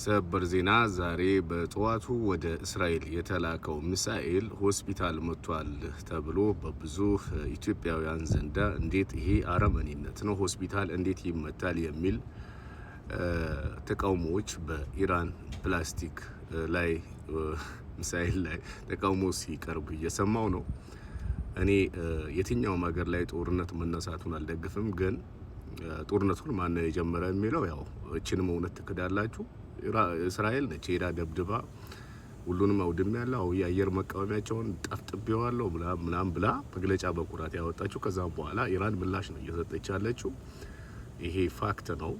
ሰበር ዜና ዛሬ በጠዋቱ ወደ እስራኤል የተላከው ሚሳኤል ሆስፒታል መጥቷል ተብሎ በብዙ ኢትዮጵያውያን ዘንዳ እንዴት ይሄ አረመኔነት ነው፣ ሆስፒታል እንዴት ይመታል የሚል ተቃውሞዎች በኢራን ፕላስቲክ ላይ ሚሳኤል ላይ ተቃውሞ ሲቀርቡ እየሰማው ነው። እኔ የትኛውም ሀገር ላይ ጦርነት መነሳቱን አልደግፍም፣ ግን ጦርነቱን ማን የጀመረ የሚለው ያው እችንም እውነት ትክዳላችሁ እስራኤል ነች ሄዳ ደብድባ ሁሉንም አውድም ያለው የአየር መቃወሚያቸውን ጠፍጥቤዋለሁ ምናም ብላ መግለጫ በኩራት ያወጣችው። ከዛ በኋላ ኢራን ምላሽ ነው እየሰጠች ያለችው። ይሄ ፋክት ነው።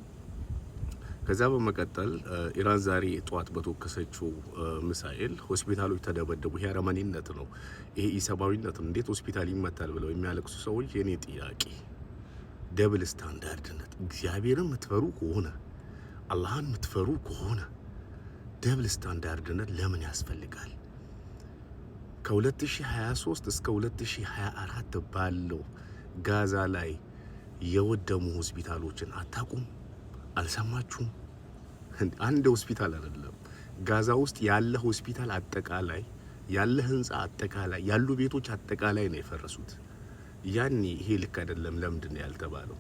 ከዛ በመቀጠል ኢራን ዛሬ ጠዋት በተወከሰችው ሚሳኤል ሆስፒታሎች ተደበደቡ። ይሄ አረመኔነት ነው። ይሄ ኢሰብአዊነት ነው። እንዴት ሆስፒታል ይመታል ብለው የሚያለቅሱ ሰዎች የኔ ጥያቄ ደብል ስታንዳርድነት እግዚአብሔርን የምትፈሩ ከሆነ አላህን የምትፈሩ ከሆነ ደብል ስታንዳርድነት ለምን ያስፈልጋል? ከ2023 እስከ 2024 ባለው ጋዛ ላይ የወደሙ ሆስፒታሎችን አታቁም? አልሰማችሁም? አንድ ሆስፒታል አይደለም፣ ጋዛ ውስጥ ያለ ሆስፒታል አጠቃላይ ያለ ህንፃ አጠቃላይ ያሉ ቤቶች አጠቃላይ ነው የፈረሱት። ያኔ ይሄ ልክ አይደለም ለምንድን ነው ያልተባለው?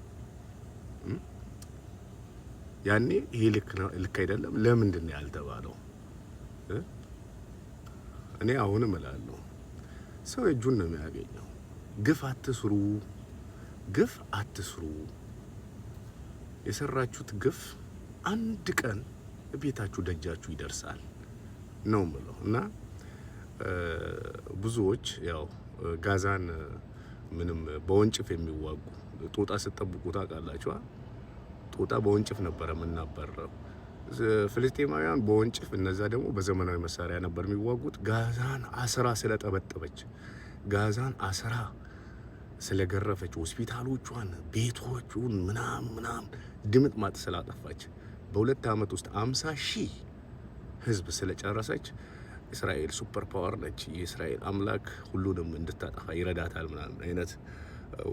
ያኔ ይሄ ልክ ነው ልክ አይደለም ለምንድን ነው ያልተባለው? እኔ አሁንም እላለሁ ሰው እጁን ነው የሚያገኘው። ግፍ አትስሩ፣ ግፍ አትስሩ። የሰራችሁት ግፍ አንድ ቀን ቤታችሁ ደጃችሁ ይደርሳል ነው ምለው እና ብዙዎች ያው ጋዛን ምንም በወንጭፍ የሚዋጉ ጦጣ ስጠብቁ ታውቃላችኋል ጦጣ በወንጭፍ ነበረ የምናበረው። ፍልስጤማውያን በወንጭፍ እነዛ ደግሞ በዘመናዊ መሳሪያ ነበር የሚዋጉት። ጋዛን አስራ ስለጠበጠበች ጋዛን አስራ ስለገረፈች ሆስፒታሎቿን፣ ቤቶቹን ምናም ምናም ድምጥ ማጥ ስላጠፋች በሁለት ዓመት ውስጥ አምሳ ሺህ ህዝብ ስለጨረሰች እስራኤል ሱፐር ፓወር ነች፣ የእስራኤል አምላክ ሁሉንም እንድታጠፋ ይረዳታል ምናምን አይነት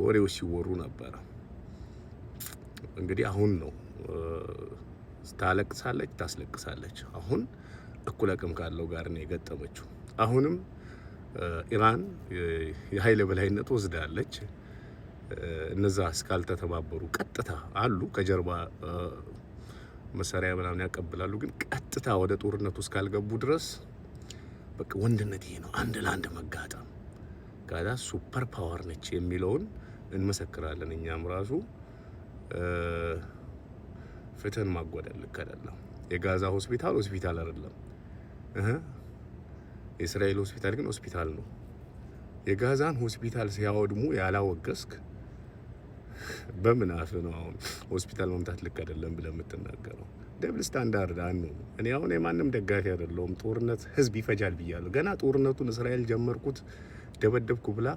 ወሬዎች ሲወሩ ነበረ። እንግዲህ አሁን ነው ታለቅሳለች፣ ታስለቅሳለች። አሁን እኩል አቅም ካለው ጋር ነው የገጠመችው። አሁንም ኢራን የኃይል በላይነት ወስዳለች። እነዛ እስካልተተባበሩ ቀጥታ አሉ ከጀርባ መሳሪያ ምናምን ያቀብላሉ፣ ግን ቀጥታ ወደ ጦርነቱ እስካልገቡ ድረስ በቃ ወንድነት ይሄ ነው፣ አንድ ለአንድ መጋጠም ጋዳ ሱፐር ፓወር ነች የሚለውን እንመሰክራለን እኛም ራሱ ፍትህን ማጓደል ልክ አይደለም። የጋዛ ሆስፒታል ሆስፒታል አይደለም። የእስራኤል ሆስፒታል ግን ሆስፒታል ነው። የጋዛን ሆስፒታል ሲያወድሙ ያላወገስክ በምን አፍ ነው አሁን ሆስፒታል መምታት ልክ አይደለም ብለህ የምትናገረው? ደብል ስታንዳርድ አን ነው። እኔ አሁን የማንም ደጋፊ አይደለሁም። ጦርነት ህዝብ ይፈጃል ብያለሁ። ገና ጦርነቱን እስራኤል ጀመርኩት ደበደብኩ ብላ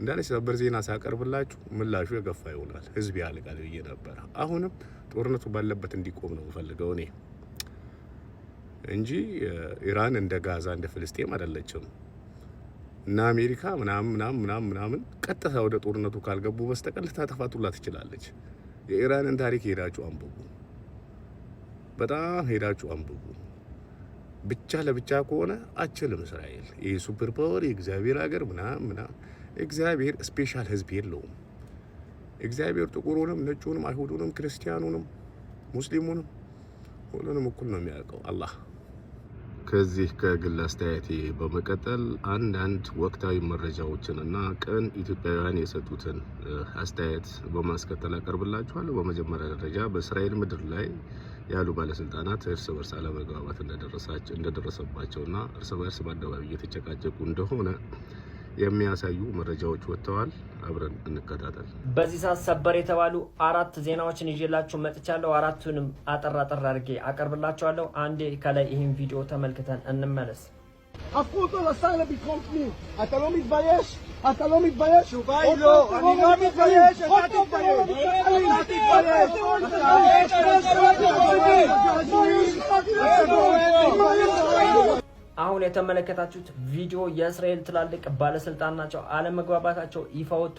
እንዳለች ነበር ዜና ሳቀርብላችሁ ምላሹ የገፋ ይሆናል። ህዝብ ያልቃል ብዬ ነበረ። አሁንም ጦርነቱ ባለበት እንዲቆም ነው የምፈልገው እኔ እንጂ ኢራን እንደ ጋዛ እንደ ፍልስጤም አይደለችም። እና አሜሪካ ምናምን ምናምን ምናምን ምናምን ቀጥታ ወደ ጦርነቱ ካልገቡ በስተቀር ልታጠፋቱላ ትችላለች። የኢራንን ታሪክ ሄዳችሁ አንብቡ፣ በጣም ሄዳችሁ አንብቡ። ብቻ ለብቻ ከሆነ አችልም እስራኤል። ይህ ሱፐር ፓወር የእግዚአብሔር ሀገር ምናምን ምናምን። እግዚአብሔር ስፔሻል ህዝብ የለውም። እግዚአብሔር ጥቁሩንም፣ ነጩንም፣ አይሁዱንም፣ ክርስቲያኑንም፣ ሙስሊሙንም ሁሉንም እኩል ነው የሚያውቀው አላህ። ከዚህ ከግል አስተያየቴ በመቀጠል አንዳንድ ወቅታዊ መረጃዎችን እና ቀን ኢትዮጵያውያን የሰጡትን አስተያየት በማስከተል አቀርብላችኋለሁ። በመጀመሪያ ደረጃ በእስራኤል ምድር ላይ ያሉ ባለስልጣናት እርስ በርስ አለመግባባት እንደደረሰባቸውና እርስ በርስ በአደባባይ እየተጨቃጨቁ እንደሆነ የሚያሳዩ መረጃዎች ወጥተዋል። አብረን እንከታተል። በዚህ ሰዓት ሰበር የተባሉ አራት ዜናዎችን ይዤላችሁ መጥቻለሁ። አራቱንም አጠር አጠር አድርጌ አቀርብላችኋለሁ። አንዴ ከላይ ይህን ቪዲዮ ተመልክተን እንመለስ። הפכו אותו לשר לביטחון פנים. אתה לא מתבייש? אתה לא מתבייש? התשובה היא לא, אני לא מתבייש, אתה תתבייש. אתה አሁን የተመለከታችሁት ቪዲዮ የእስራኤል ትላልቅ ባለስልጣን ናቸው። አለመግባባታቸው ይፋ ወጥቶ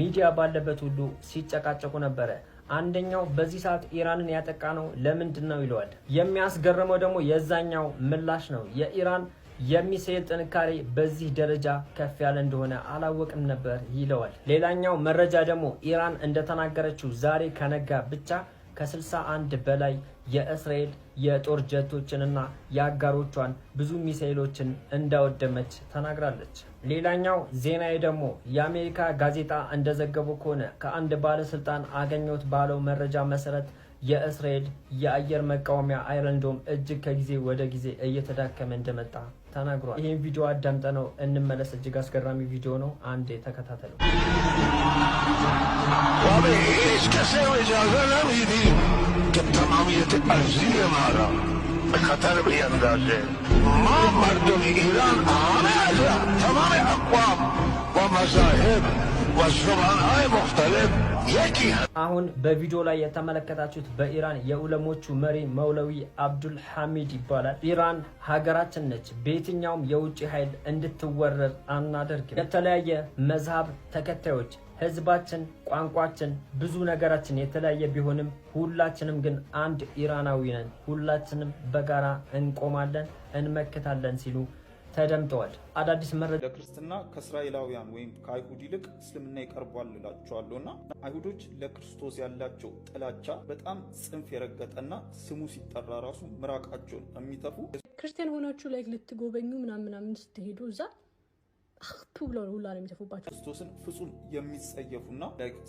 ሚዲያ ባለበት ሁሉ ሲጨቃጨቁ ነበረ። አንደኛው በዚህ ሰዓት ኢራንን ያጠቃ ነው ለምንድን ነው ይለዋል። የሚያስገርመው ደግሞ የዛኛው ምላሽ ነው የኢራን የሚሳኤል ጥንካሬ በዚህ ደረጃ ከፍ ያለ እንደሆነ አላወቅም ነበር ይለዋል። ሌላኛው መረጃ ደግሞ ኢራን እንደተናገረችው ዛሬ ከነጋ ብቻ ከ61 በላይ የእስራኤል የጦር ጀቶችንና የአጋሮቿን ብዙ ሚሳኤሎችን እንዳወደመች ተናግራለች። ሌላኛው ዜናዬ ደግሞ የአሜሪካ ጋዜጣ እንደዘገበው ከሆነ ከአንድ ባለስልጣን አገኘሁት ባለው መረጃ መሰረት የእስራኤል የአየር መቃወሚያ አይረን ዶም እጅግ ከጊዜ ወደ ጊዜ እየተዳከመ እንደመጣ ተናግሯል። ይህም ቪዲዮ አዳምጠ ነው እንመለስ። እጅግ አስገራሚ ቪዲዮ ነው። አንዴ ተከታተሉ። ኢራን አሁን በቪዲዮ ላይ የተመለከታችሁት በኢራን የኡለሞቹ መሪ መውለዊ አብዱል ሐሚድ ይባላል። ኢራን ሀገራችን ነች። በየትኛውም የውጭ ኃይል እንድትወረር አናደርግም። የተለያየ መዝሀብ ተከታዮች ህዝባችን፣ ቋንቋችን፣ ብዙ ነገራችን የተለያየ ቢሆንም ሁላችንም ግን አንድ ኢራናዊ ነን። ሁላችንም በጋራ እንቆማለን፣ እንመክታለን ሲሉ ተደምጠዋል። አዳዲስ መረጃ ለክርስትና ከእስራኤላውያን ወይም ከአይሁድ ይልቅ እስልምና ይቀርቧል እላቸዋለሁና አይሁዶች ለክርስቶስ ያላቸው ጥላቻ በጣም ጽንፍ የረገጠና ስሙ ሲጠራ ራሱ ምራቃቸውን የሚተፉ ክርስቲያን ሆናችሁ ላይ ልትጎበኙ ምናምናምን ስትሄዱ እዛ ብለው ሁላ ነው የሚተፉባቸው። ክርስቶስን ፍጹም የሚጸየፉና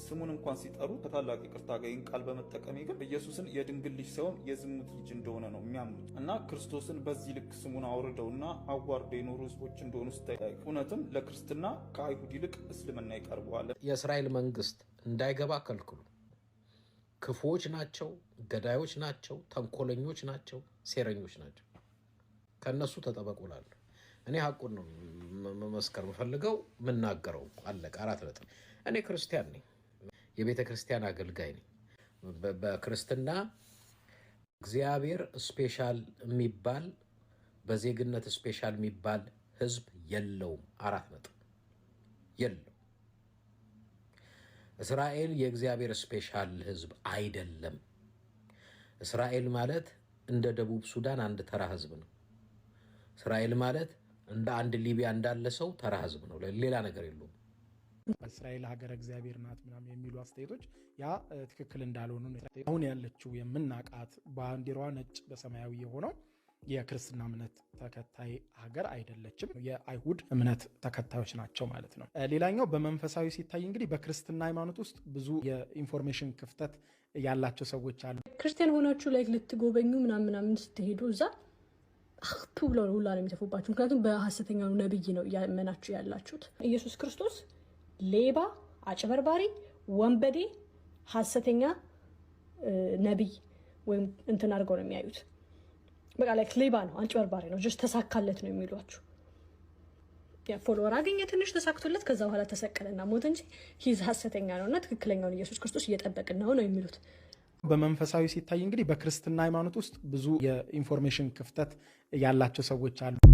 ስሙን እንኳን ሲጠሩ ከታላቅ ይቅርታ ጋር ይህን ቃል በመጠቀሜ ግን ኢየሱስን የድንግል ልጅ ሳይሆን የዝሙት ልጅ እንደሆነ ነው የሚያምኑት እና ክርስቶስን በዚህ ልክ ስሙን አውርደውና አዋርደ የኖሩ ህዝቦች እንደሆኑ ስታይ እውነትም ለክርስትና ከአይሁድ ይልቅ እስልምና ይቀርበዋል። የእስራኤል መንግስት እንዳይገባ ከልክሉ። ክፉዎች ናቸው፣ ገዳዮች ናቸው፣ ተንኮለኞች ናቸው፣ ሴረኞች ናቸው። ከእነሱ ተጠበቁላሉ። እኔ ሀቁን ነው መመስከር የምፈልገው የምናገረው። አለቀ። አራት ነጥብ። እኔ ክርስቲያን ነኝ፣ የቤተ ክርስቲያን አገልጋይ ነኝ። በክርስትና እግዚአብሔር ስፔሻል የሚባል በዜግነት ስፔሻል የሚባል ህዝብ የለውም። አራት ነጥብ የለው። እስራኤል የእግዚአብሔር ስፔሻል ህዝብ አይደለም። እስራኤል ማለት እንደ ደቡብ ሱዳን አንድ ተራ ህዝብ ነው። እስራኤል ማለት እንደ አንድ ሊቢያ እንዳለ ሰው ተራ ህዝብ ነው። ሌላ ነገር የለውም። እስራኤል ሀገረ እግዚአብሔር ናት ምናምን የሚሉ አስተያየቶች ያ ትክክል እንዳልሆኑ አሁን ያለችው የምናቃት ባንዲራዋ ነጭ በሰማያዊ የሆነው የክርስትና እምነት ተከታይ ሀገር አይደለችም። የአይሁድ እምነት ተከታዮች ናቸው ማለት ነው። ሌላኛው በመንፈሳዊ ሲታይ እንግዲህ በክርስትና ሃይማኖት ውስጥ ብዙ የኢንፎርሜሽን ክፍተት ያላቸው ሰዎች አሉ። ክርስቲያን ሆናችሁ ላይ ልትጎበኙ ምናምን ምናምን ስትሄዱ እዛ ቱ ብለው ሁላ ነው የሚተፉባችሁ። ምክንያቱም በሀሰተኛው ነብይ ነው እያመናችሁ ያላችሁት። ኢየሱስ ክርስቶስ ሌባ፣ አጭበርባሪ፣ ወንበዴ፣ ሀሰተኛ ነቢይ ወይም እንትን አድርገው ነው የሚያዩት። በቃ ላይክ ሌባ ነው፣ አጭበርባሪ ነው፣ ተሳካለት ነው የሚሏችሁ። ፎሎወር አገኘ ትንሽ ተሳክቶለት፣ ከዛ በኋላ ተሰቀለና ሞት እንጂ ሂዝ ሀሰተኛ ነው እና ትክክለኛውን ኢየሱስ ክርስቶስ እየጠበቅን ነው ነው የሚሉት። በመንፈሳዊ ሲታይ እንግዲህ በክርስትና ሃይማኖት ውስጥ ብዙ የኢንፎርሜሽን ክፍተት ያላቸው ሰዎች አሉ።